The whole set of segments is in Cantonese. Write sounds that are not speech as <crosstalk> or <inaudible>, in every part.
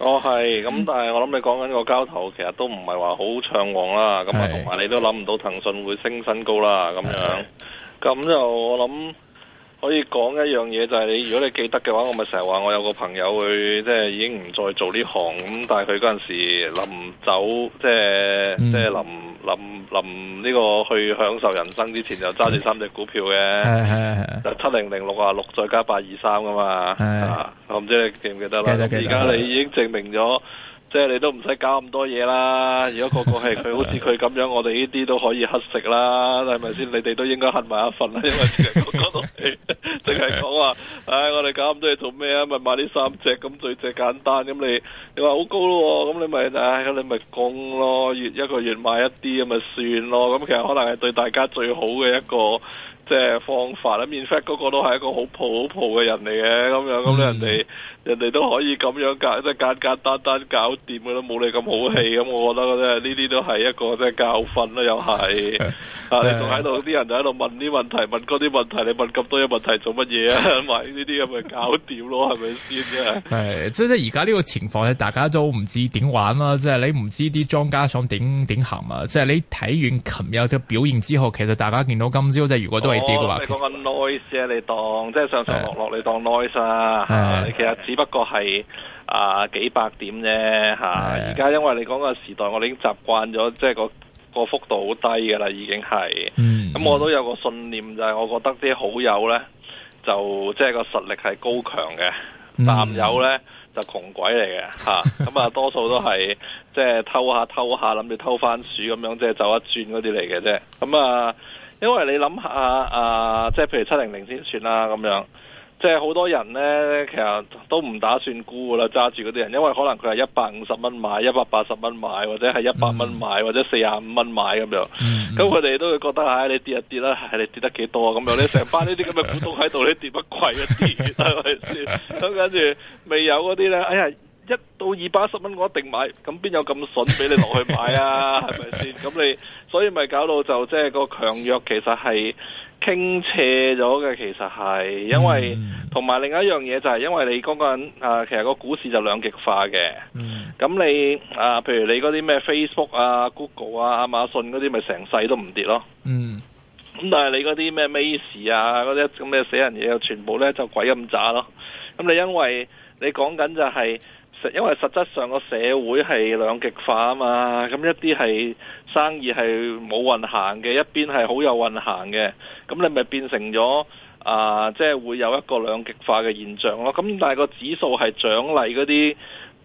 哦，係，咁但係我諗你講緊個交投，其實都唔係話好暢旺啦，咁啊同埋你都諗唔到騰訊會升新高啦，咁樣，咁是就我諗。可以講一樣嘢就係你，如果你記得嘅話，我咪成日話我有個朋友去即係已經唔再做呢行咁，但係佢嗰陣時臨走即係、嗯、即係臨臨臨呢、呢個去享受人生之前，就揸住三隻股票嘅，七零零六啊六再加八二三㗎嘛，係啊，我唔知你記唔記得啦。而家你已經證明咗。即係你都唔使搞咁多嘢啦，如果個個係佢好似佢咁樣， <laughs> 我哋呢啲都可以乞食啦，係咪先？你哋都應該乞埋一份啦，因為淨係講到，淨係講話，唉、哎，我哋搞咁多嘢做咩啊？咪買呢三隻咁最隻簡單咁你，你話好高咯，咁你咪唉，哎、你咪供咯，月一個月買一啲咁咪算咯。咁其實可能係對大家最好嘅一個即係方法啦。In <laughs> fact，嗰個都係一個好抱好抱嘅人嚟嘅，咁樣咁人哋。嗯人哋都可以咁樣搞，即係簡簡單單搞掂噶啦，冇你咁好氣咁，我覺得咧呢啲都係一個即係教訓啦，又係 <laughs> <noise> 啊，你仲喺度啲人就喺度問啲問題，問嗰啲問題，你問咁多嘅問題做乜嘢啊？咪 <laughs> 呢啲咁咪搞掂咯，係咪先啊？係，即係而家呢個情況咧，大家都唔知點玩啦，即、就、係、是、你唔知啲莊家想點點行啊，即、就、係、是、你睇完琴日啲表現之後，其實大家見到今朝即係如果都係跌嘅話，我哋講 noise、啊、你當，即係是上上落，落落你當 noise 啊，係是是，其實。 <music> 只不過係啊、呃、幾百點啫嚇，而、啊、家的因為你講個時代，我哋已經習慣咗，即係、那個個幅度好低嘅啦，已經係。咁、嗯嗯、我都有個信念就係、是，我覺得啲好友呢，就即係個實力係高強嘅，嗯、淡友呢，就窮鬼嚟嘅嚇。咁啊、嗯，多數都係即係偷下偷下，諗住偷番薯咁樣，即係走一轉嗰啲嚟嘅啫。咁、嗯、啊、呃，因為你諗下啊、呃，即係譬如七零零先算啦咁樣。即係好多人咧，其實都唔打算沽噶啦，揸住嗰啲人，因為可能佢係一百五十蚊買，一百八十蚊買，或者係一百蚊買，嗯、或者四十五蚊買咁樣。咁佢哋都會覺得，唉、哎，你跌一跌啦，係、哎、你跌得幾多啊？咁樣你成班呢啲咁嘅股東喺度，你跌乜鬼一啲？係咪先？咁跟住未有嗰啲咧，哎呀，一到二百一十蚊我一定買，咁邊有咁筍俾你落去買啊？係咪先？咁你所以咪搞到就即係、就是、個強弱其實係。傾斜咗嘅其實係，因為同埋，嗯、另一樣嘢就係，因為你嗰個人啊，呃，其實個股市就兩極化嘅。咁，嗯、你啊，呃，譬如你嗰啲咩 Facebook 啊、Google 啊、亞馬遜嗰啲，咪成世都唔跌咯。嗯，咁但係你嗰啲咩 Macy 啊，嗰啲咁咩死人嘢又全部咧就鬼咁渣咯。咁你因為你講緊就係、是。因為實質上個社會係兩極化啊嘛，咁一啲係生意係冇運行嘅，一邊係好有運行嘅，咁你咪變成咗啊，即、呃、係、就是、會有一個兩極化嘅現象咯。咁但係個指數係獎勵嗰啲。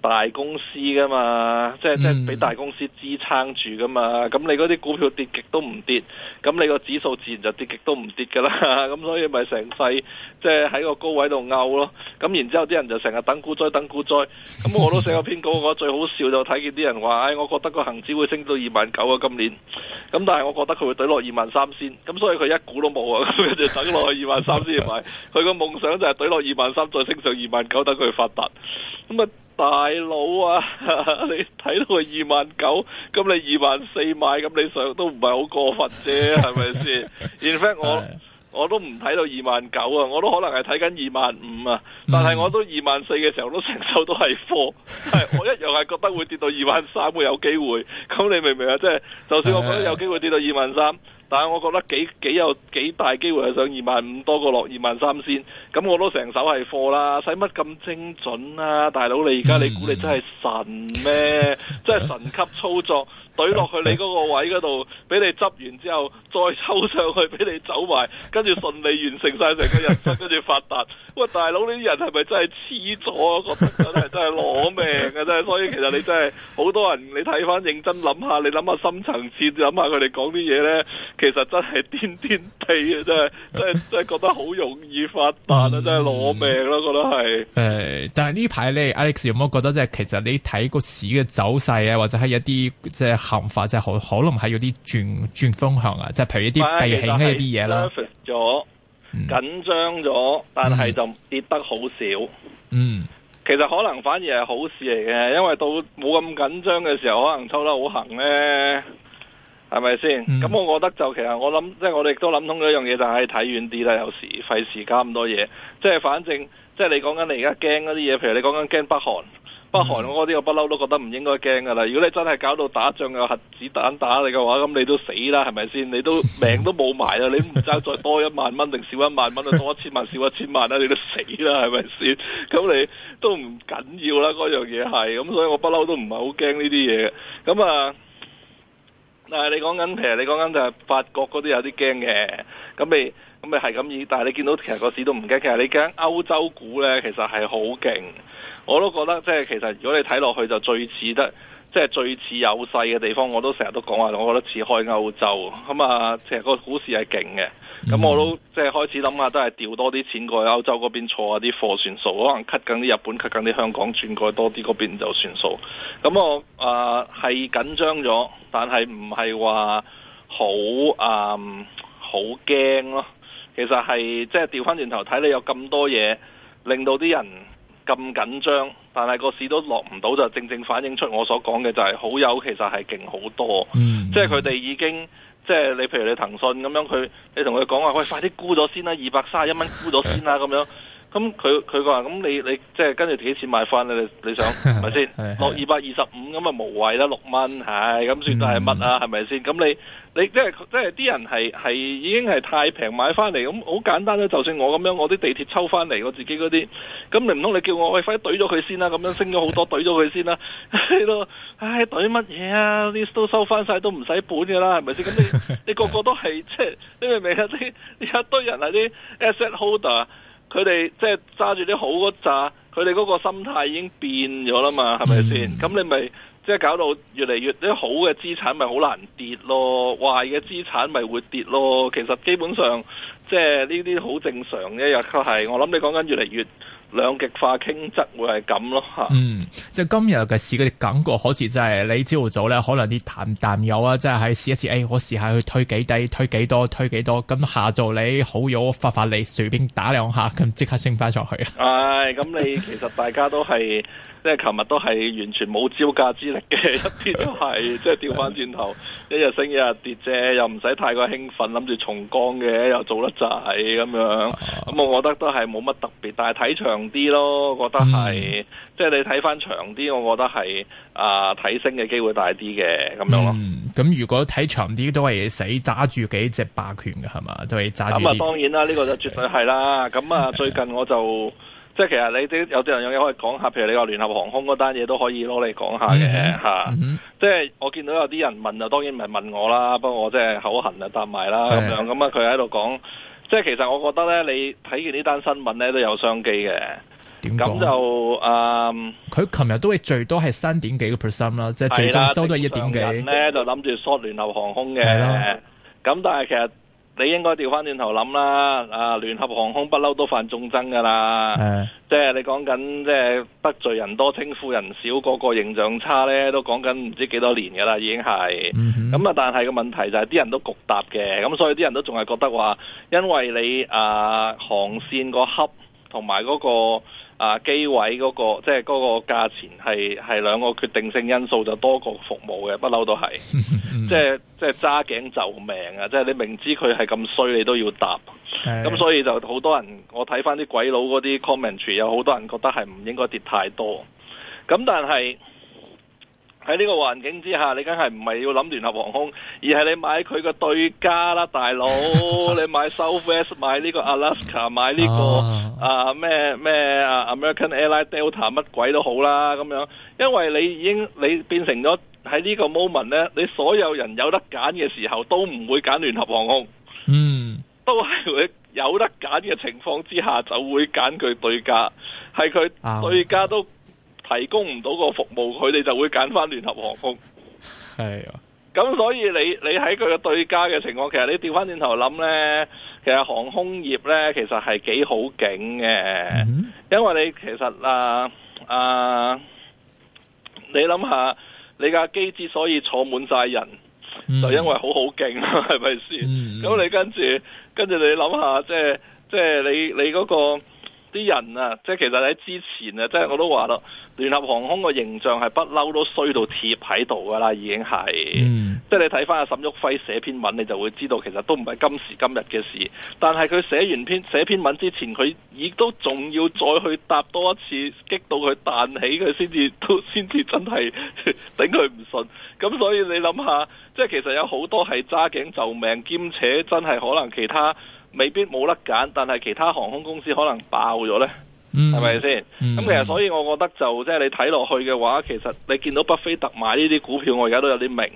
大公司噶嘛，即係即係俾大公司支撐住噶嘛，咁、嗯、你嗰啲股票跌極都唔跌，咁你個指數自然就跌極都唔跌噶啦，咁 <laughs> 所以咪成世即係喺個高位度拗咯，咁然之後啲人就成日等股災等股災，咁我都寫過篇稿，我覺得最好笑就睇見啲人話，唉、哎，我覺得個恒指會升到二萬九啊，今年，咁但係我覺得佢會懟落二萬三先，咁所以佢一股都冇啊，就等落去二萬三先買，佢個夢想就係懟落二萬三再升上二萬九，等佢發達，咁啊。大佬啊， <laughs> 你睇到二萬九，咁你二萬四買，咁你上都唔係好過分啫，係咪先？In fact，我我都唔睇到二萬九啊，我都可能係睇緊二萬五啊，但係我都二萬四嘅時候都成手都係貨， <laughs> 係我一樣係覺得會跌到二萬三會有機會，咁你明唔明啊？即係就算我覺得有機會跌到二萬三。但係我覺得幾幾有幾大機會係上二萬五多過落二萬三先，咁我都成手係貨啦，使乜咁精準啊？大佬你而家你估你真係神咩？ <laughs> 真係神級操作！懟落 <noise> 去你嗰個位嗰度，俾你執完之後，再抽上去俾你走埋，跟住順利完成晒成個人生，跟住發達。喂，大佬，呢啲人係咪真係黐咗？我覺得真係真係攞命啊。真係。所以其實你真係好多人，你睇翻認真諗下，你諗下深層次諗下佢哋講啲嘢咧，其實真係癲癲地啊，真係真真係覺得好容易發達啊，真係攞命咯，覺得係。誒、嗯嗯，但係呢排咧，Alex 有冇覺得即係其實你睇個市嘅走勢啊，或者係一啲即係。看法即係可可能係有啲轉轉方向啊，即係譬如一啲避險嘅一啲嘢啦。表面咗緊張咗，但係就跌得好少。嗯，其實可能反而係好事嚟嘅，因為到冇咁緊張嘅時候，可能抽得好行咧，係咪先？咁我、嗯、我覺得就其實我諗，即係我哋都諗通咗一樣嘢，就係睇遠啲啦。有時費事加咁多嘢，即係反正，即係你講緊你而家驚嗰啲嘢，譬如你講緊驚北韓。不韓國我嗰啲我不嬲都覺得唔應該驚噶啦，如果你真係搞到打仗有核子彈打你嘅話，咁你都死啦，係咪先？你都命都冇埋啦，你唔爭再多一萬蚊定少一萬蚊，多一千萬少一千萬啦，你都死啦，係咪先？咁你都唔緊要啦，嗰樣嘢係咁，所以我不嬲都唔係好驚呢啲嘢嘅。咁啊，但係你講緊其實你講緊就係法國嗰啲有啲驚嘅，咁你咁你係咁，但係你見到其實個市都唔驚，其實你驚歐洲股咧，其實係好勁。我都覺得即係其實如果你睇落去就最似得，即係最似有勢嘅地方，我都成日都講話，我覺得似開歐洲咁啊！其實個股市係勁嘅，咁、嗯、我都即係開始諗下都係調多啲錢過去歐洲嗰邊，坐下啲貨算數，可能 cut 緊啲日本，cut 緊啲香港，轉過去多啲嗰邊就算數。咁、嗯、我啊係、呃、緊張咗，但係唔係話好啊好驚咯。其實係即係調翻轉頭睇，你有咁多嘢令到啲人，咁緊張，但係個市都落唔到，就正正反映出我所講嘅就係、是、好友其實係勁好多，嗯、即係佢哋已經，即係你譬如你騰訊咁樣，佢你同佢講話，喂，快啲沽咗先啦、啊，二百三十一蚊沽咗先啦、啊，咁 <laughs> 樣，咁佢佢話，咁你你即係跟住幾錢買翻，你你想係咪先落二百二十五，咁啊，無謂啦，六蚊係咁算都係乜啊，係咪先咁你？你即係即係啲人係係已經係太平買翻嚟，咁、嗯、好簡單咧。就算我咁樣，我啲地鐵抽翻嚟，我自己嗰啲，咁你唔通你叫我喂，快懟咗佢先啦？咁樣升咗好多，懟咗佢先啦，係 <laughs> 唉、哎，懟乜嘢啊？啲都收翻晒，都唔使本嘅啦，係咪先？咁你你個個都係即係，你明唔明啊？啲一堆人係啲 asset holder，佢哋即係揸住啲好嗰扎，佢哋嗰個心態已經變咗啦嘛，係咪先？咁你咪。即係搞到越嚟越啲好嘅資產咪好難跌咯，壞嘅資產咪會跌咯。其實基本上即係呢啲好正常嘅，又日係我諗你講緊越嚟越兩極化傾側會係咁咯嚇。嗯，即係今日嘅市嘅感覺好，好似真係你朝早咧，可能啲淡淡友啊，即、就、係、是、試一試，誒、哎，我試下去推幾低，推幾多，推幾多，咁、嗯、下晝你好友發發你，隨便打兩下，咁、嗯、即刻升翻上去。唉、哎，咁你其實大家都係。 <laughs> 即係琴日都係完全冇招架之力嘅，一啲都係 <laughs> 即係掉翻轉頭，一日升一日跌啫，又唔使太過興奮，諗住重剛嘅，又做得滯咁樣。咁我覺得都係冇乜特別，但係睇長啲咯，覺得係、嗯、即係你睇翻長啲，我覺得係啊，睇、呃、升嘅機會大啲嘅咁樣咯。咁、嗯、如果睇長啲都係死揸住幾隻霸權嘅係嘛，都係揸住。咁、就、啊、是嗯，當然、這個、啦，呢個就絕對係啦。咁啊，最近我就。即係其實你啲有啲人有嘢可以講下，譬如你話聯合航空嗰單嘢都可以攞嚟講下嘅嚇。Mm hmm. 啊、即係我見到有啲人問就當然唔係問我啦，不過我即係口痕啊答埋啦咁樣咁啊佢喺度講。即係其實我覺得咧，你睇完呢單新聞咧都有商機嘅。點講？咁就誒，佢琴日都係最多係三點幾個 percent 啦，即係最終收都係一點幾。咁，咁咧就諗住 short 聯合航空嘅。咁的但係其實。你應該調翻轉頭諗啦，啊，聯合航空不嬲都犯眾憎噶啦，的即係你講緊即係得罪人多、稱呼人少、個個形象差咧，都講緊唔知幾多年噶啦，已經係，咁啊、嗯哼，但係個問題就係、是、啲人都焗搭嘅，咁所以啲人都仲係覺得話，因為你啊航線個恰同埋嗰個。啊，機位嗰個即係嗰個價錢係係兩個決定性因素，就多過服務嘅，不嬲都係， <laughs> 即係即係揸頸就命啊！即係你明知佢係咁衰，你都要搭，咁 <laughs> 所以就好多人，我睇翻啲鬼佬嗰啲 commentary，有好多人覺得係唔應該跌太多，咁但係。喺呢個環境之下，你梗係唔係要諗聯合航空，而係你買佢個對家啦，大佬！ <laughs> 你買 Southwest，買呢個 Alaska，買呢、這個、oh. 啊咩咩 American Airlines Delta 乜鬼都好啦咁樣，因為你已經你變成咗喺呢個 moment 咧，你所有人有得揀嘅時候都唔會揀聯合航空，嗯，mm. 都係會有得揀嘅情況之下就會揀佢對家，係佢對家都。提供唔到個服務，佢哋就會揀翻聯合航空。係啊，咁所以你你喺佢嘅對家嘅情況，其實你調翻轉頭諗咧，其實航空業咧其實係幾好勁嘅，mm hmm. 因為你其實啊啊，你諗下你架機之所以坐滿晒人，mm hmm. 就因為好好勁，係咪先？咁、mm hmm. 你跟住跟住你諗下，即係即係你你嗰、嗰個。啲人啊，即係其實喺之前啊，即係我都話咯，聯合航空個形象係不嬲都衰到貼喺度噶啦，已經係。Mm. 即係你睇翻阿沈旭輝寫篇文，你就會知道其實都唔係今時今日嘅事。但係佢寫完篇寫篇文之前，佢亦都仲要再去搭多一次，激到佢彈起佢先至都先至真係 <laughs> 頂佢唔順。咁所以你諗下，即係其實有好多係揸頸救命，兼且真係可能其他，未必冇得揀，但係其他航空公司可能爆咗呢，係咪先？咁、嗯、其實所以我覺得就即係、就是、你睇落去嘅話，其實你見到巴菲特買呢啲股票，我而家都有啲明。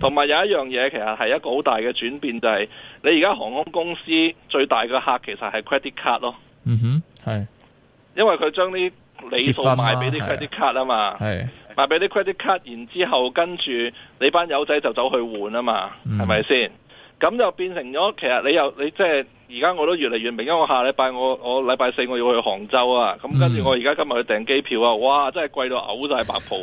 同埋、嗯、有一樣嘢，其實係一個好大嘅轉變，就係、是、你而家航空公司最大嘅客其實係 credit card 咯。嗯哼，係，因為佢將啲里數賣俾啲 credit card 啊嘛，係賣俾啲 credit card，然之後跟住你班友仔就走去換啊嘛，係咪先？是咁就變成咗，其實你又你即係而家我都越嚟越明，因為我下禮拜我我禮拜四我要去杭州啊，咁跟住我而家今日去訂機票啊，哇！真係貴到嘔晒白泡。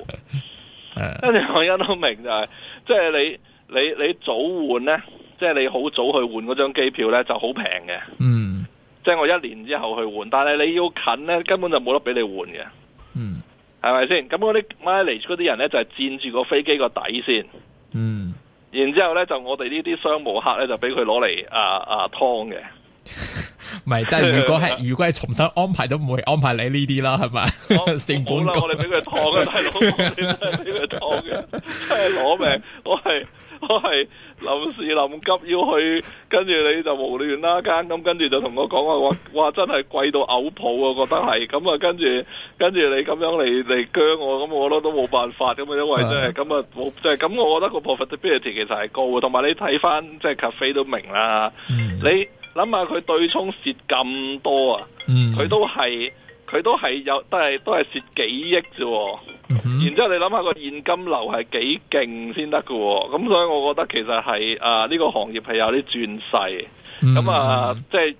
跟住 <laughs> 我都明就係，即係你你你早換咧，即係你好早去換嗰張機票咧就好平嘅。嗯，即係我一年之後去換，但係你要近咧，根本就冇得俾你換嘅。嗯，係咪先？咁嗰啲 mileage 嗰啲人咧，就係、佔住個飛機個底先。嗯。然之後咧，就我哋呢啲商務客咧，就俾佢攞嚟啊啊劏嘅，唔係， <laughs> 但係如果係 <laughs> 如果係重新安排都唔會安排你呢啲啦，係咪？ <laughs> 成本啦歌、 <laughs> 啊，我哋俾佢劏嘅，大佬，俾佢劏嘅，真係攞命， <laughs> 我係。都係臨時臨急要去，跟住你就無亂啦間咁，跟住就同我講話話話真係貴到嘔泡啊！覺得係咁啊，跟住跟住你咁樣嚟嚟鋸我，咁我覺得都冇辦法咁啊，因為即係咁啊，即係咁，我覺得個 profitability 其實係高嘅，同埋你睇翻即係 cafe 都明啦，嗯、你諗下佢對沖蝕咁多啊，佢、嗯、都係。佢都係有，都係都係蝕幾億啫。嗯、哼然之後你諗下、個現金流係幾勁先得㗎。咁所以我覺得其實係啊，呢、呃呢個行業係有啲轉勢。咁、嗯、啊，即、就、係、是、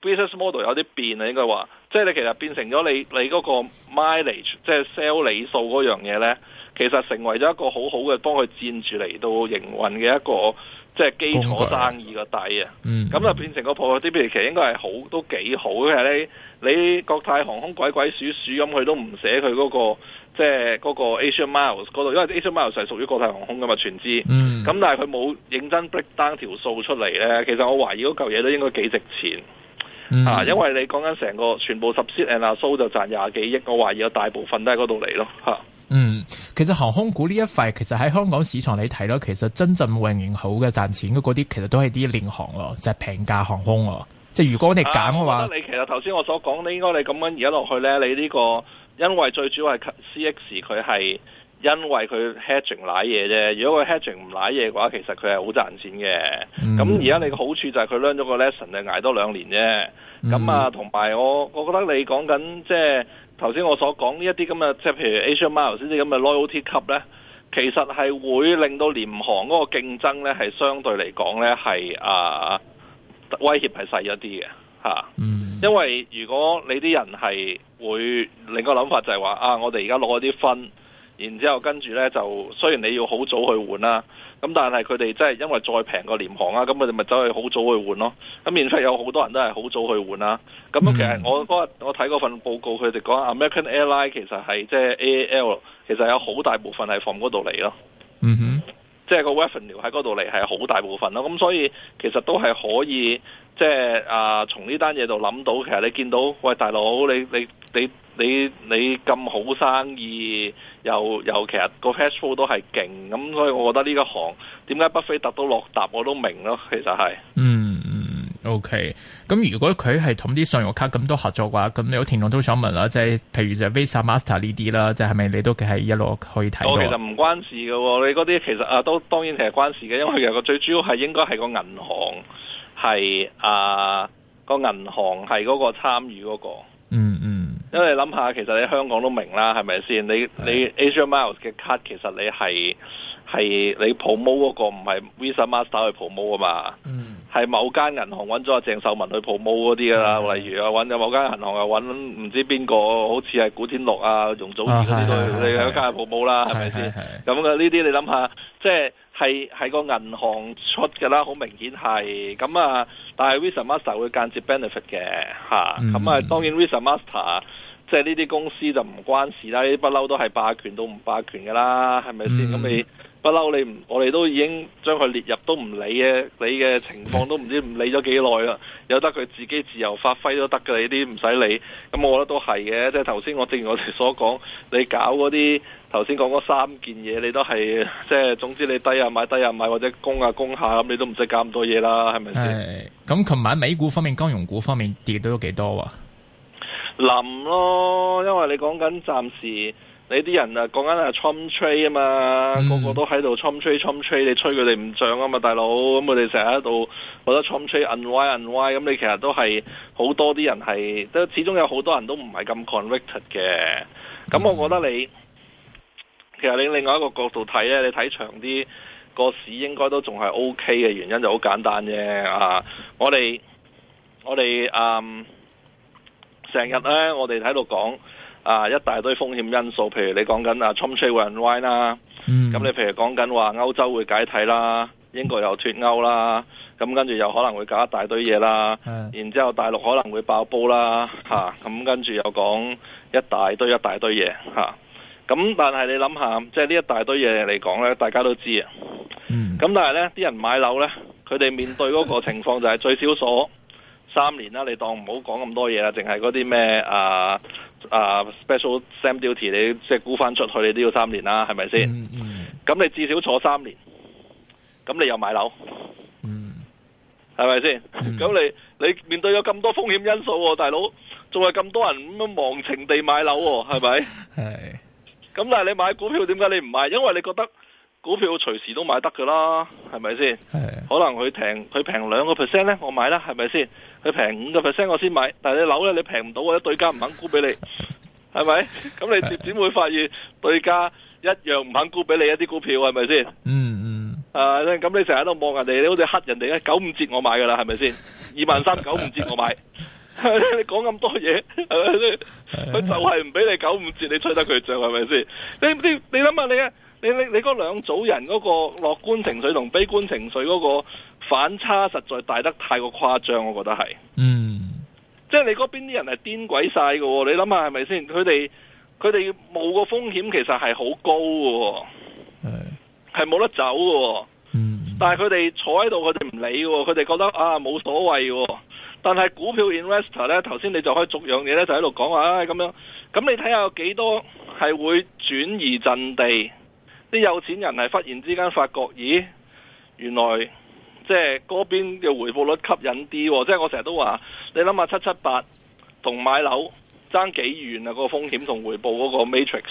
business model 有啲變啊，應該話。即、就、係、是、你其實變成咗你你嗰個 mileage，即係 sell 你數嗰樣嘢咧，其實成為咗一個好好嘅幫佢佔住嚟到營運嘅一個即係、就是、基礎生意嘅底啊。咁啊，變成個 property，其實，應該係好都幾好嘅咧。你國泰航空鬼鬼祟祟咁，佢都唔寫佢嗰個即係嗰、嗰個 Asian Miles 嗰度，因為 Asian Miles 就係屬於國泰航空噶嘛，全資。咁、嗯、但係佢冇認真 break down 條數出嚟咧，其實我懷疑嗰嚿嘢都應該幾值錢啊！嗯、因為你講緊成個全部十 million 啊收就賺廿幾億，我懷疑有大部分都喺嗰度嚟咯嚇。嗯，其實航空股呢一塊其實喺香港市場你睇到，其實真正運營好嘅賺錢嘅嗰啲，其實都係啲廉航咯，就係、係、平價航空咯。即係如果你減嘅話、啊，我覺得你其實頭先我所講，你應該你咁樣而家落去咧，你呢、這個因為最主要係 CX 佢係因為佢 hedging 瀨嘢啫。如果佢 hedging 唔瀨嘢嘅話，其實佢係好賺錢嘅。咁、嗯、而家你嘅好處就係佢 learn 咗個 lesson，就捱多兩年啫。咁、嗯、啊，同埋我，我覺得你講緊即係頭先我所講呢一啲咁嘅，即係譬如 Asia Mile 先啲咁嘅 loyalty cup 咧，其實係會令到廉航嗰個競爭咧係相對嚟講咧係啊。威脅係細一啲嘅嚇，因為如果你啲人係會另一個諗法就係話啊，我哋而家攞咗啲分，然之後跟住咧就雖然你要好早去換啦，咁但係佢哋即係因為再平個廉航啊，咁佢哋咪走去好早去換咯。咁因此有好多人都係好早去換啦。咁其實我嗰日、嗯、哼我睇嗰份報告，佢哋講 American Airlines 其實係即係、就是、AL 其實有好大部分係放嗰度嚟咯。嗯哼。即係個 revenue 喺嗰度嚟係好大部分咯，咁所以其實都係可以即係啊、呃，從呢單嘢度諗到，其實你見到喂大佬，你你你你你咁好生意，又又其實個 cash flow 都係勁，咁所以我覺得呢一行點解不菲達到落閘我都明咯，其實係嗯。OK，咁如果佢係同啲信用卡咁多合作嘅話，咁你有田總都想問啦，即係譬如就 Visa、Master 呢啲啦，即係咪你都係一路可以睇到、哦？其實唔關事嘅、哦，你嗰啲其實啊，都當然係關事嘅，因為其實最主要係應該係個銀行係啊個銀行係嗰個參與嗰個。嗯嗯，嗯，因為你諗下，其實你香港都明啦，係咪先？你你 Asia Miles 嘅卡，其實你係。係你 promote 嗰個唔係 Visa Master 去 promote 啊嘛，係、嗯、某間銀行揾咗阿鄭秀文去 promote 嗰啲噶啦，嗯、例如啊揾某間銀行又揾唔知邊個，好似係古天樂啊、容祖兒嗰啲都喺間 promote 啦，係咪先？咁嘅呢啲你諗下，即係係係個銀行出噶啦，好明顯係，咁啊，但係 Visa Master 會間接 benefit 嘅吓，咁啊，當然 Visa Master 即係呢啲公司就唔關事啦，呢啲不嬲都係霸權到唔霸權噶啦，係咪先？咁你。不嬲你唔，我哋都已經將佢列入都唔理嘅，你嘅情況都唔知唔理咗幾耐啦， <laughs> 由得佢自己自由發揮都得嘅你呢啲唔使理。咁、嗯、我覺得都係嘅，即係頭先我正如我哋所講，你搞嗰啲頭先講嗰三件嘢，你都係即係總之你低啊買低啊買或者供啊供下咁、嗯，你都唔使搞咁多嘢啦，係咪先？誒、哎，咁琴晚美股方面、金融股方面跌咗幾多啊？冧咯、嗯，因為你講緊暫時。你啲人啊，講緊係，trump trade 啊嘛，嗯、個個都喺度 trump trade，trump trade，你吹佢哋唔漲啊嘛，大佬，咁佢哋成日喺度覺得 trump trade unwind，unwind，咁你其實都係好多啲人係，都始終有好多人都唔係咁 convicted 嘅。咁我覺得你、嗯、其實你另外一個角度睇咧，你睇長啲個市應該都仲係 OK 嘅，原因就好簡單啫。啊，我哋我哋嗯，成日咧，我哋喺度講。Um, 啊！一大堆風險因素，譬如你講緊啊 Trump trade and wine 啦，咁、mm. 你譬如講緊話歐洲會解體啦，英國又脱歐啦，咁跟住又可能會搞一大堆嘢啦，Yeah. 然之後大陸可能會爆煲啦，嚇、啊、咁跟住又講一大堆一大堆嘢嚇。咁、啊、但係你諗下，即係呢一大堆嘢嚟講呢，大家都知啊。咁、mm. 但係呢啲人買樓呢，佢哋面對嗰個情況就係最少鎖三年啦。你當唔好講咁多嘢啦，淨係嗰啲咩啊？啊、uh,，special stamp duty 你即係沽翻出去你都要三年啦，係咪先？咁、mm, mm. 你至少坐三年，咁你又買樓，係咪先？咁、mm. 你你面對咗咁多風險因素、哦，大佬仲係咁多人咁樣忘情地買樓、哦，係咪？係 <laughs> 是。咁但係你買股票，點解你唔買？因為你覺得。股票我隨時都買得噶啦，係咪先？是的 可能佢平佢平兩個 percent 咧，我買啦，係咪先？佢平五個 percent 我先買，但係你樓咧你平唔到或者對家唔肯沽俾你，係咪？ <laughs> 咁你點會發現 <laughs> 對家一樣唔肯沽俾你一啲股票，係咪先？嗯嗯，啊咁 <laughs> <laughs> <laughs> 你成日都望人哋，你好似黑人哋啊，九五折我買噶啦，係咪先？二萬三九五折我買，你講咁多嘢，係咪先？佢就係唔俾你九五折，你吹得佢漲，係咪先？你你想想你諗下你啊！你你你你嗰兩組人嗰個樂觀情緒同悲觀情緒嗰個反差，實在大得太過誇張，我覺得係嗯，即係你嗰邊啲人係癲鬼晒嘅喎。你諗下係咪先？佢哋佢哋冒個風險其實係好高嘅，係係冇得走嘅。嗯，但係佢哋坐喺度，佢哋唔理喎。佢哋覺得啊冇所謂嘅，但係股票 investor 咧，頭先你就可以逐樣嘢咧，就喺度講話啊咁樣。咁你睇下有幾多係會轉移陣地？啲有錢人係忽然之間發覺，咦，原來即係嗰邊嘅回報率吸引啲喎、哦，即係我成日都話，你諗下七七八同買樓爭幾遠啊？個風險同回報嗰個 matrix，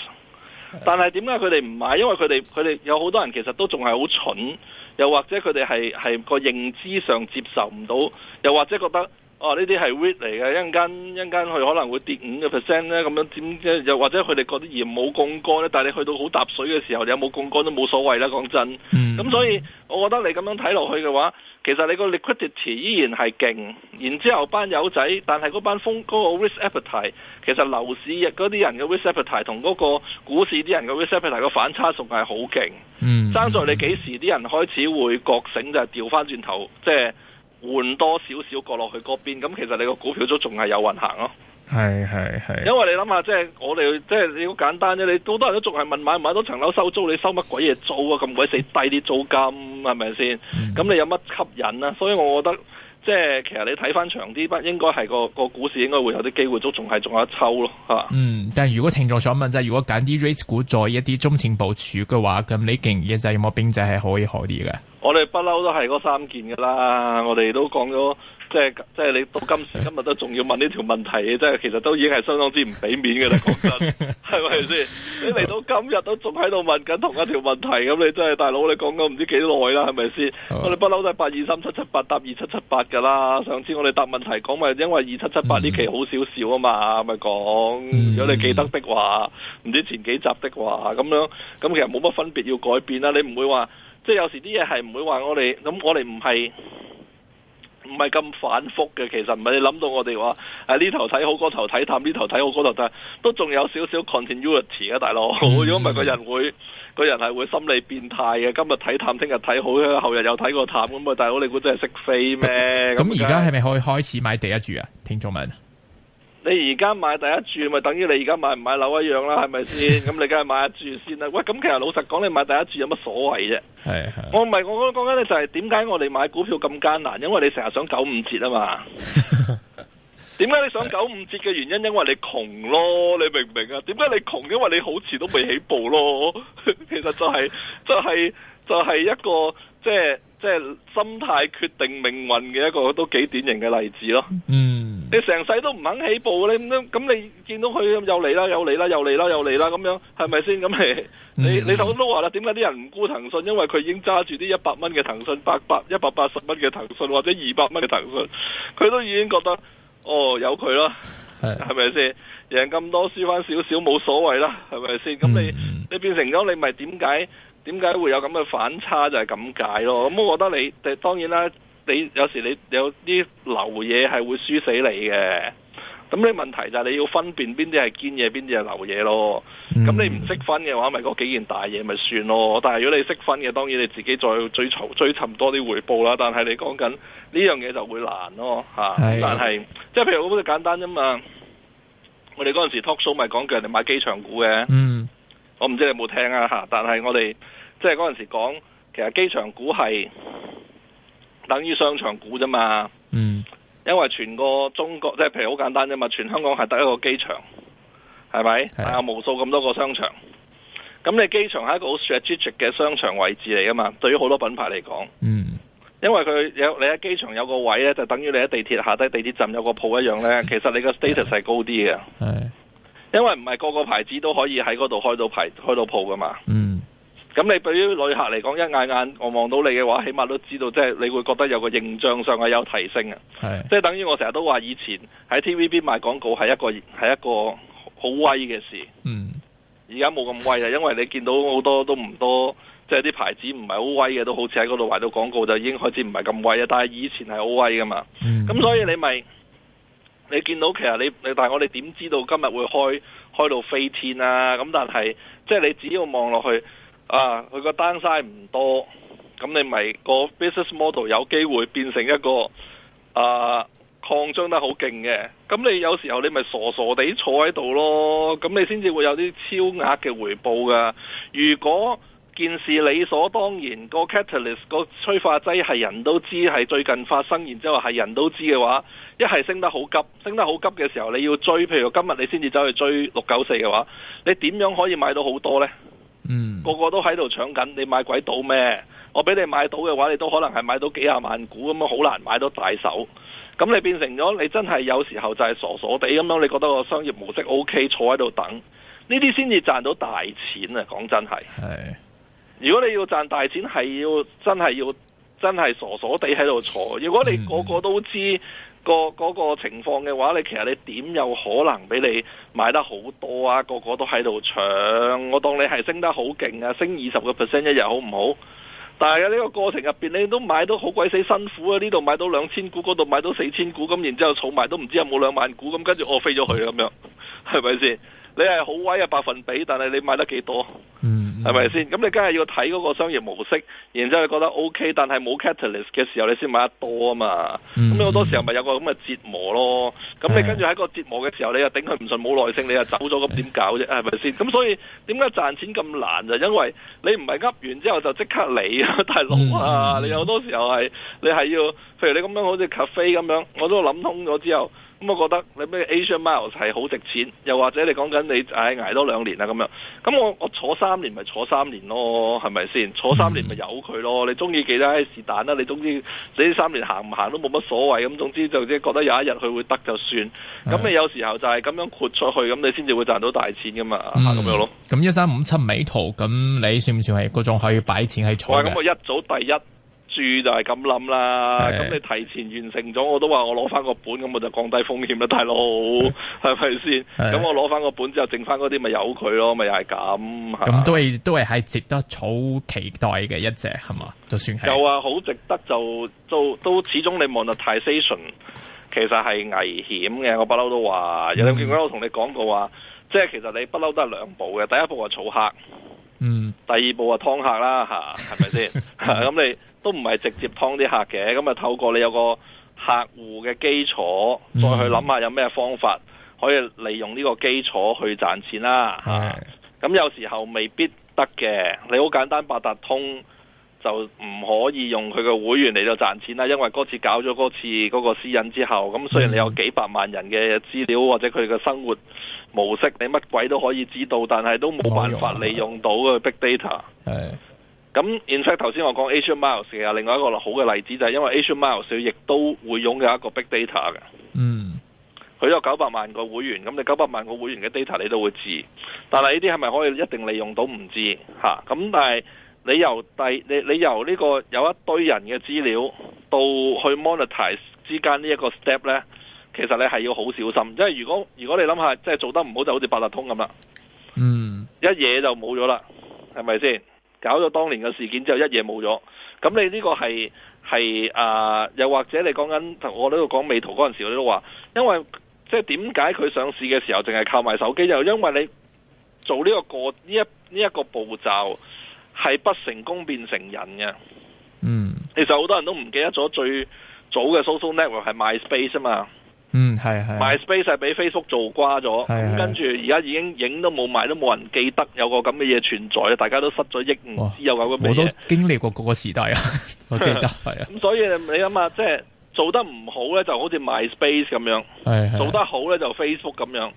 但係點解佢哋唔買？因為佢哋佢哋有好多人其實都仲係好蠢，又或者佢哋係係個認知上接受唔到，又或者覺得。哦，呢啲係 risk 嚟嘅，一陣間一陣間佢可能會跌五個 percent 咧，咁樣點即又或者佢哋覺得而冇槓桿咧，但係你去到好搭水嘅時候，你有冇槓桿都冇所謂啦，講真。咁、mm hmm. 嗯、所以我覺得你咁樣睇落去嘅話，其實你個 liquidity 依然係勁，然之後班友仔，但係嗰班風嗰、嗰個 risk appetite，其實樓市嗰啲人嘅 risk appetite 同嗰個股市啲人嘅 risk appetite 個反差仲係好勁。嗯、mm，爭、hmm. 在你幾時啲人開始會覺醒就係掉翻轉頭，即、就、係、是。換多少少角落去嗰邊，咁其實你個股票都仲係有運行咯。係係係，因為你諗下，即係我哋即係你好簡單啫。你好多人都仲係問買唔買到層樓收租，你收乜鬼嘢租啊？咁鬼死低啲租金係咪先？咁、嗯、你有乜吸引啊？所以我覺得。即係其實你睇翻長啲不，應該係個個股市應該會有啲機會都仲係仲有一抽咯吓。啊、嗯，但係如果聽眾想問就係、是，如果揀啲 race 股再一啲中前部署嘅話，咁你建議就係有冇邊隻係可以好啲嘅？我哋不嬲都係嗰三件噶啦，我哋都講咗。即係即係你到今時今日都仲要問呢條問題，即係其實都已經係相當之唔俾面嘅啦。講真，係咪先？你嚟到今日都仲喺度問緊同一條問題，咁你真係大佬，你講咗唔知幾耐啦，係咪先？Oh. 我哋不嬲都係八二三七七八答二七七八㗎啦。上次我哋答問題講咪，因為二七七八呢期好少少啊嘛，咪講、mm hmm。如果你記得的話，唔知前幾集的話咁樣，咁其實冇乜分別要改變啦。你唔會話，即係有時啲嘢係唔會話我哋咁，我哋唔係。唔係咁反覆嘅，其實唔係你諗到我哋話喺呢頭睇好嗰頭睇淡，呢頭睇好嗰頭睇，都仲有少少 continuity 啊，大佬。如果唔係個人會，個人係會心理變態嘅。今日睇淡，聽日睇好，後日又睇過淡咁啊！大佬，你估真係識飛咩？咁而家係咪可以開始買第一注啊？聽眾們。你而家買第一注咪等於你而家買唔買樓一樣啦，係咪先？咁你梗係買一注先啦。喂，咁其實老實講，你買第一注有乜所謂啫？係係。 <laughs> 我唔係，我講講緊咧就係點解我哋買股票咁艱難？因為你成日想九五折啊嘛。點解 <laughs> 你想九五折嘅原因？因為你窮咯，你明唔明啊？點解你窮？因為你好遲都未起步咯。 <laughs> 其實就係、是、就係、是、就係、是、一個即係即係心態決定命運嘅一個都幾典型嘅例子咯。嗯。你成世都唔肯起步你咁你見到佢又嚟啦，又嚟啦，又嚟啦，又嚟啦，咁樣係咪先？咁、就係嗯、你你你頭先都話啦，點解啲人唔沽騰訊？因為佢已經揸住啲一百蚊嘅騰訊，八百一百八十蚊嘅騰訊，或者二百蚊嘅騰訊，佢都已經覺得哦有佢啦，係咪先？贏咁多，輸翻少少冇所謂啦，係咪先？咁你、嗯、你,你變成咗你咪點解點解會有咁嘅反差就係咁解咯？咁我覺得你第當然啦。你有時你有啲流嘢係會輸死你嘅，咁呢個問題就係你要分辨邊啲係堅嘢，邊啲係流嘢咯。咁、嗯、你唔識分嘅話，咪、那、嗰、個、幾件大嘢咪算咯。但係如果你識分嘅，當然你自己再追追尋多啲回報啦。但係你講緊呢樣嘢就會難咯嚇。啊啊、但係即係譬如好簡單啫嘛，我哋嗰陣時 talk show 咪講叫人哋買機場股嘅。嗯，我唔知你有冇聽啊嚇、啊。但係我哋即係嗰陣時講，其實機場股係。等於商場股啫嘛，嗯，因為全個中國即係譬如好簡單啫嘛，全香港係得一個機場，係咪？但是啊，無數咁多個商場，咁你機場係一個好 strategic 嘅商場位置嚟噶嘛。對於好多品牌嚟講，嗯，因為佢有你喺機場有個位咧，就等於你喺地鐵下低地鐵站有個鋪一樣咧，其實你個 status 係是、啊、高啲嘅，係，是啊、因為唔係個個牌子都可以喺嗰度開到牌開到鋪噶嘛，嗯。咁你對於旅客嚟講，一眼眼我望到你嘅話，起碼都知道，即係你會覺得有個形象上係有提升嘅。係即係等於我成日都話，以前喺 TVB 賣廣告係一個係一個好威嘅事。嗯，而家冇咁威啊，因為你見到好多都唔多，即係啲牌子唔係好威嘅，都好似喺嗰度懷到廣告就已經開始唔係咁威啦。但係以前係好威噶嘛。咁、嗯、所以你咪你見到其實你你，但係我哋點知道今日會開開到飛天啊？咁但係即係你只要望落去。啊！佢個 d 晒唔多，咁你咪、那個 business model 有機會變成一個啊擴張得好勁嘅。咁你有時候你咪傻傻地坐喺度咯，咁你先至會有啲超額嘅回報噶。如果件事理所當然，個 catalyst 個催化劑係人都知係最近發生，然之後係人都知嘅話，一係升得好急，升得好急嘅時候你要追，譬如今日你先至走去追六九四嘅話，你點樣可以買到好多呢？嗯，個個都喺度搶緊，你買鬼到咩？我俾你買到嘅話，你都可能係買到幾廿萬股咁樣，好難買到大手。咁你變成咗，你真係有時候就係傻傻地咁樣，你覺得個商業模式 OK，坐喺度等呢啲先至賺到大錢啊！講真係，係是如果你要賺大錢，係要真係要。真係傻傻地喺度坐。如果你個個都知、嗯、個嗰個、個情況嘅話，你其實你點有可能俾你買得好多啊？個個都喺度搶，我當你係升得好勁啊，升二十個 percent 一日好唔好？但係喺呢個過程入邊，你都買到好鬼死辛苦啊！呢度買到兩千股，嗰度買到四千股，咁然之後儲埋都唔知有冇兩萬股，咁跟住我飛咗佢咁樣，係咪先？你係好威啊百分比，但係你買得幾多？嗯係咪先？咁你梗係要睇嗰個商業模式，然之後覺得 OK，但係冇 catalyst 嘅時候，你先買得多啊嘛。咁你好多時候咪有個咁嘅折磨咯。咁你跟住喺個折磨嘅時候，你又頂佢唔順，冇耐性你，你又走咗，咁點搞啫？係咪先？咁所以點解賺錢咁難就因為你唔係噏完之後就即刻嚟啊，大佬啊！Bilder 你好多時候係你係要，譬如你咁樣好似 cafe 咁樣，我都諗通咗之後。咁我覺得你咩 Asian Miles 係好值錢，又或者你講緊你唉、哎、捱多兩年啦咁樣，咁我我坐三年咪坐三年咯，係咪先？坐三年咪由佢咯，你中意幾多是但啦？你總之你三年行唔行都冇乜所謂，咁總之就即係覺得有一日佢會得就算。咁你有時候就係咁樣豁出去，咁你先至會賺到大錢噶嘛，咁、嗯、樣咯。咁、嗯、一三五七美圖，咁你算唔算係嗰種可以擺錢喺坐嘅？咁我一早第一。住 <noise> 就係咁諗啦，咁的你提前完成咗，我都話我攞翻個本，咁我就降低風險啦，大佬，係咪先？咁我攞翻個本之後，剩翻嗰啲咪由佢咯，咪又係咁。咁都係都係係值得儲期待嘅一隻，係嘛、啊？就算係。又話好值得就就都始終你望到 taxation，其實係危險嘅。我不嬲都話，有兩件講，我同你講過話，即係其實你不嬲都係兩步嘅，第一步係儲客，嗯，第二步係劏客啦，吓、啊，係咪先？咁你。都唔係直接劏啲客嘅，咁啊透過你有個客戶嘅基礎，嗯、再去諗下有咩方法可以利用呢個基礎去賺錢啦、啊、嚇。咁、嗯、有時候未必得嘅，你好簡單八達通就唔可以用佢嘅會員嚟到賺錢啦、啊，因為嗰次搞咗嗰次嗰個私隱之後，咁雖然你有幾百萬人嘅資料或者佢嘅生活模式，你乜鬼都可以知道，但係都冇辦法利用到嗰個 big data、嗯。咁，in fact 而且頭先我講 Asian Miles 嘅，另外一個好嘅例子就係因為 Asian Miles 亦都會擁有一個 big data 嘅。嗯。佢有九百萬個會員，咁你九百萬個會員嘅 data 你都會知，但係呢啲係咪可以一定利用到唔知吓？咁、啊、但係你由第你你由呢個有一堆人嘅資料到去 monetize 之間呢一個 step 呢，其實你係要好小心，因為如果如果你諗下，即係做得唔好就好似八達通咁啦。嗯。一嘢就冇咗啦，係咪先？搞咗當年嘅事件之後一夜冇咗，咁你呢個係係啊？又或者你講緊同我呢度講美圖嗰陣時，我哋都話，因為即係點解佢上市嘅時候淨係靠賣手機，又因為你做呢、呢個、呢個呢一呢一個步驟係不成功變成人嘅。嗯，其實好多人都唔記得咗最早嘅 social network 係 MySpace 啊嘛。嗯係係，MySpace 係俾 Facebook 做瓜咗，的跟住而家已經影都冇賣，都冇人記得有個咁嘅嘢存在，大家都失咗憶，唔知有冇個咩嘢。我都經歷過嗰個時代啊， <laughs> 我記得係啊。咁 <laughs> 的所以你諗下，即係做得唔好咧，就好似 MySpace 咁樣；的做得好咧，就 Facebook 咁樣。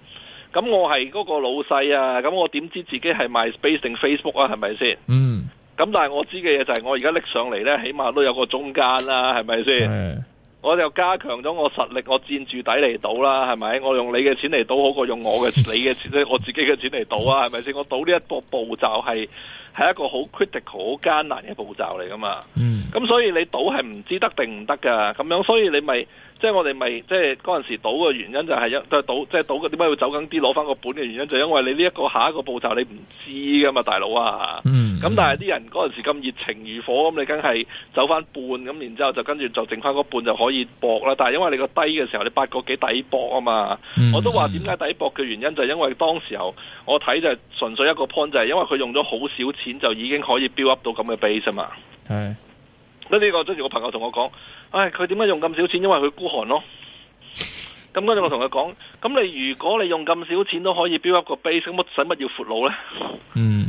咁的我係嗰個老細啊，咁我點知自己係 MySpace 定 Facebook 啊？係咪先？嗯。咁但係我知嘅嘢就係，我而家拎上嚟咧，起碼都有個中間啦，係咪先？的我就加強咗我實力，我佔住底嚟賭啦，係咪？我用你嘅錢嚟賭好過用我嘅、你嘅錢，我自己嘅錢嚟賭啊，係咪先？我賭呢一個步驟係係一個好 critical、好艱難嘅步驟嚟噶嘛。咁、嗯、所以你賭係唔知得定唔得噶。咁樣所以你咪即係我哋咪即係嗰陣時賭嘅原因就係有都係賭，即係賭嘅點解會走緊啲攞翻個本嘅原因就係、因為你呢、這、一個下一個步驟你唔知噶嘛，大佬啊。嗯咁、嗯、但係啲人嗰陣時咁熱情如火，咁你梗係走翻半，咁然之後就跟住就剩翻嗰半就可以博啦。但係因為你個低嘅時候，你八個幾底博啊嘛。嗯、我都話點解底博嘅原因就係因為當時候我睇就係純粹一個 point 就係因為佢用咗好少錢就已經可以 build up 到咁嘅 base 嘛。係是，嗰啲我即我朋友同我講，唉、哎，佢點解用咁少錢？因為佢孤寒咯。咁 <laughs> 跟住我同佢講，咁你如果你用咁少錢都可以 build up 個 base，乜使乜要闊佬呢？ <laughs> 」嗯。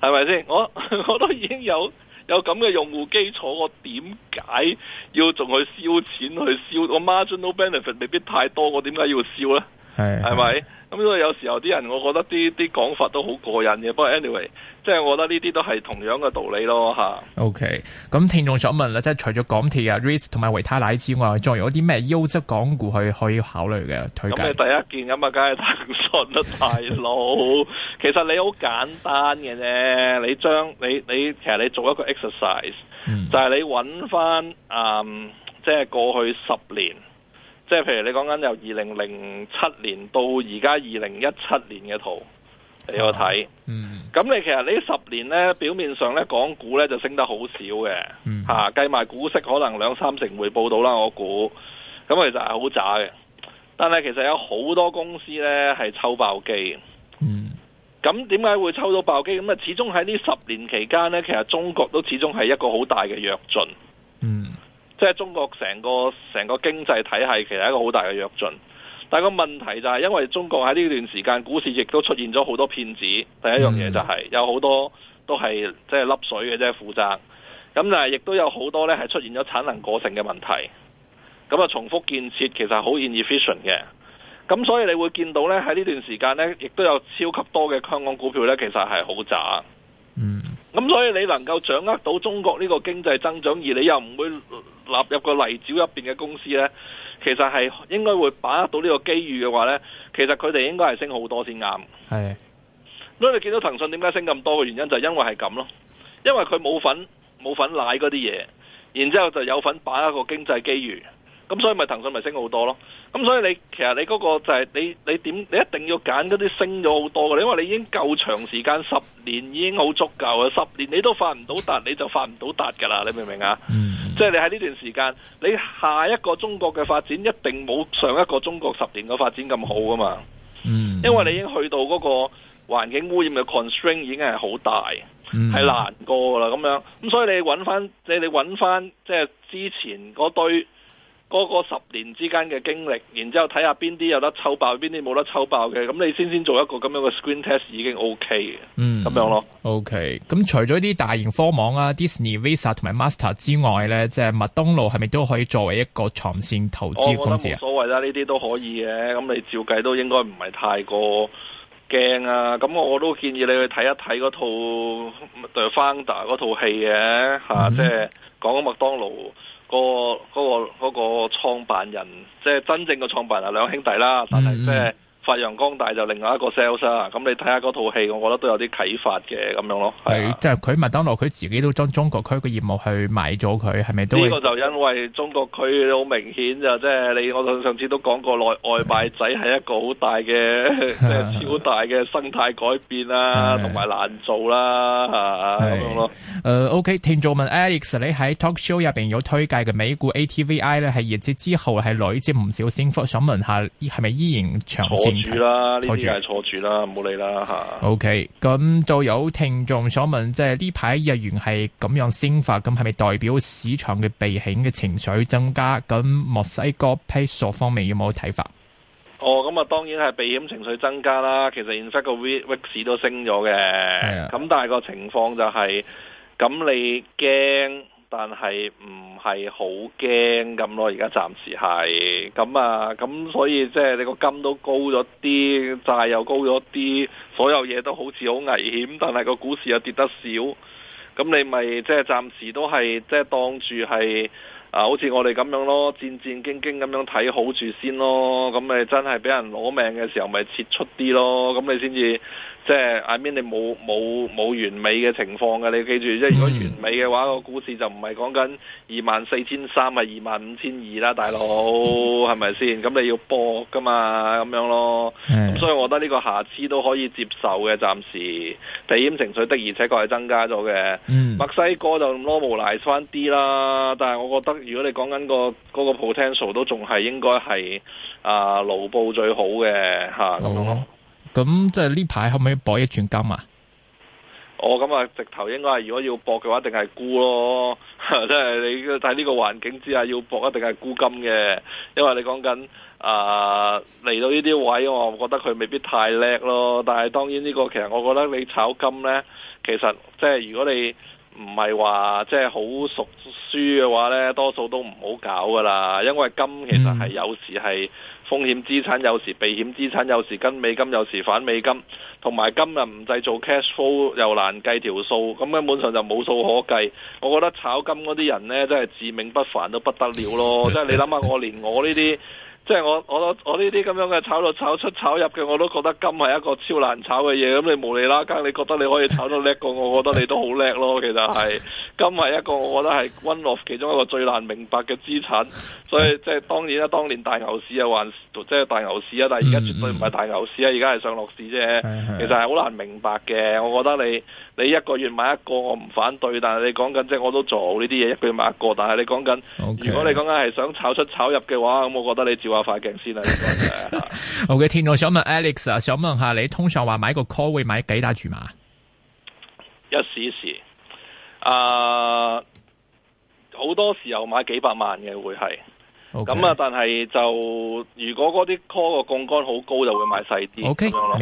係咪先？我我都已經有有咁嘅用戶基礎，我點解要仲去燒錢去燒？我 marginal benefit 未必太多，我點解要燒咧？係係咪？咁所以有時候啲人，way, 我覺得啲啲講法都好過癮嘅。不過 anyway，即係我覺得呢啲都係同樣嘅道理咯吓，OK，咁聽眾想問啦，即係除咗港鐵啊、瑞斯同埋維他奶之外，仲有啲咩優質港故股去可以考慮嘅推介？第一件咁啊，梗係騰訊啦、大佬。其實你好簡單嘅啫，你將你你其實你做一個 exercise，、嗯、就係你揾翻啊，即係過去十年。即係譬如你講緊由二零零七年到而家二零一七年嘅圖，你我睇，咁、啊嗯、你其實呢十年咧表面上咧港股咧就升得好少嘅，嚇、嗯啊、計埋股息可能兩三成回報到啦，我估，咁其實係好渣嘅。但係其實有好多公司咧係抽爆機，咁點解會抽到爆機？咁啊始終喺呢十年期間咧，其實中國都始終係一個好大嘅躍進。即係中國成個成個經濟體系其實係一個好大嘅躍進。但係個問題就係，因為中國喺呢段時間股市亦都出現咗好多騙子。第一樣嘢就係、是、有好多都係即係凹水嘅啫，負責。咁但係亦都有好多咧，係出現咗產能過剩嘅問題。咁啊，重複建設其實係好唔 efficient 嘅。咁所以你會見到咧，喺呢段時間咧，亦都有超級多嘅香港股票咧，其實係好渣。嗯。咁所以你能夠掌握到中國呢個經濟增長，而你又唔會。納入個泥沼入邊嘅公司呢，其實係應該會把握到呢個機遇嘅話呢，其實佢哋應該係升好多先啱。係的，咁你見到騰訊點解升咁多嘅原因就係、是、因為係咁咯，因為佢冇份冇份瀨嗰啲嘢，然之後就有份把握個經濟機遇，咁所以咪騰訊咪升好多咯。咁所以你其實你嗰個就係、是、你你點你一定要揀嗰啲升咗好多嘅，因為你已經夠長時間十年已經好足夠啦，十年你都發唔到達你就發唔到達㗎啦，你明唔明啊？嗯。即係你喺呢段時間，你下一個中國嘅發展一定冇上一個中國十年嘅發展咁好噶嘛？嗯，因為你已經去到嗰個環境污染嘅 constraint 已經係好大，係難過噶啦咁樣。咁所以你揾翻，即係你揾翻，即係之前嗰堆。嗰個十年之間嘅經歷，然之後睇下邊啲有得抽爆，邊啲冇得抽爆嘅，咁你先先做一個咁樣嘅 screen test 已經 OK 嘅，嗯、咁樣咯。OK，咁除咗啲大型科網啊，Disney Visa 同埋 Master 之外呢，即係麥當勞係咪都可以作為一個長線投資公司啊？冇乜所謂啦，呢啲都可以嘅、啊，咁你照計都應該唔係太過驚啊。咁我都建議你去睇一睇嗰套 The Founder 嗰套戲嘅嚇，即係講緊麥當勞。嗰個、嗰個、嗰個創辦人，即係真正嘅創辦人係兩兄弟啦，但係即係。嗯嗯發揚光大就另外一個 sales 啊，咁你睇下嗰套戲，我覺得都有啲啟發嘅咁樣咯。係文，即係佢麥當勞佢自己都將中國區嘅業務去買咗佢，係咪都？呢個就因為中國區好明顯就即係你我上次都講過外外賣仔係一個好大嘅 <laughs> 超大嘅生態改變啦，同埋難做啦咁樣咯。誒，OK，聽眾問 Alex，你喺 talk show 入邊有推介嘅美股 ATVI 咧，係業績之後係累積唔少升幅，想問下係咪依然強文文住啦，呢啲係錯住啦，唔好理啦吓。O K，咁就有聽眾所問，即係呢排日元係咁樣升法，咁係咪代表市場嘅避險嘅情緒增加？咁墨西哥披索方面有冇睇法？哦，咁啊，當然係避險情緒增加啦。其實現時個 VIX 都升咗嘅，咁的但係個情況就係，是，咁你驚？但係唔係好驚咁咯？而家暫時係咁啊，咁所以即係你個金都高咗啲，債又高咗啲，所有嘢都好似好危險。但係個股市又跌得少，咁你咪即係暫時都係即係當住係啊，好似我哋咁樣咯，戰戰兢兢咁樣睇好住先咯。咁咪真係俾人攞命嘅時候，咪撤出啲咯。咁你先至。即係阿 min 你冇冇冇完美嘅情況嘅，你記住，即係如果完美嘅話，個股市就唔係講緊二萬四千三啊，二萬五千二啦，大佬係咪先？咁你要搏噶嘛，咁樣咯。咁所以我覺得呢個瑕疵都可以接受嘅，暫時避險情緒的而且確係增加咗嘅。墨西哥就 normalize 翻啲啦，但係我覺得如果你講緊個嗰個 potential 都仲係應該係啊盧布最好嘅嚇咁樣咯。咁即係呢排可唔可以搏一轉金啊？我咁啊，嗯、直頭應該係，如果要搏嘅話，一定係沽咯。即 <laughs> 係你喺呢個環境之下，要搏一定係沽金嘅。因為你講緊啊嚟到呢啲位，我唔覺得佢未必太叻咯。但係當然呢、這個其實，我覺得你炒金呢，其實即係如果你唔係話即係好熟書嘅話呢，多數都唔好搞噶啦。因為金其實係有時係。嗯風險資產有時避險資產，有時跟美金有時反美金，同埋今日唔製造 cash flow 又難計條數。咁根本上就冇數可計。我覺得炒金嗰啲人咧，真係自命不凡都不得了咯。即係你諗下，我連我呢啲。即係我我我呢啲咁樣嘅炒到炒出炒入嘅，我都覺得金係一個超難炒嘅嘢。咁你無理啦梗，你覺得你可以炒到叻過我，我覺得你都好叻咯。其實係金係一個，我覺得係 one of 其中一個最難明白嘅資產。所以即係當然啦，當年大牛市啊還即係大牛市啊，但係而家絕對唔係大牛市啊，而家係上落市啫。其實係好難明白嘅，我覺得你。你一個月買一個我唔反對，但係你講緊即係我都做呢啲嘢，一個月買一個。但係你講緊，Okay. 如果你講緊係想炒出炒入嘅話，咁我覺得你照下塊鏡先啦。應該。O K，聽眾想問 Alex，想問下你通常話買個 call 會買幾大注碼？一時時，啊、呃，好多時候買幾百萬嘅會係，咁啊 Okay.，但係就如果嗰啲 call 個槓桿好高，就會買細啲。O Okay . K。